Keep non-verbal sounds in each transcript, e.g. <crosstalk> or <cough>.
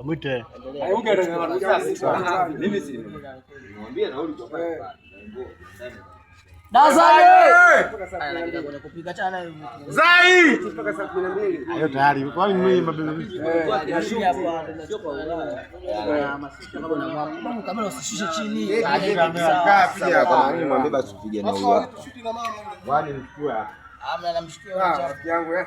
Kamwite. Hayo tayari mwambie basi tupige na huyo. Wani mshtua. Ah, mnamshtua. Ah, yangu eh.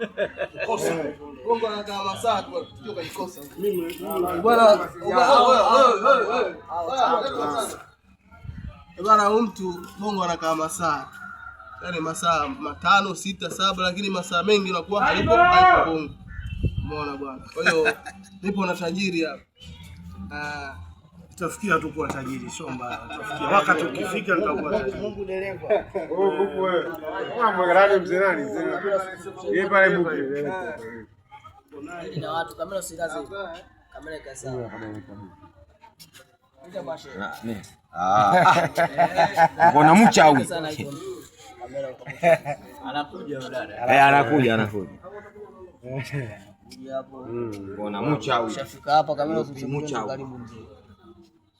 Eh. Bwana, huyu mtu Bongo anakaa masaa yani masaa matano sita saba, lakini masaa mengi nakuwa halipo Bongo. Umeona bwana? Kwa hiyo nipo na tajiri hapa. Ah tutafikia hatukuwa tajiri, sio mbaya, wakati ukifika, nitakuwa tajiri. Mungu dereva buku <laughs> oh, wewe, yeye pale buku watu kamera, ah, ah. <laughs> anakuja dada, eh, anakuja anakuja mbona mchawi, ushafika hapa kamera, mchawi karibu mzee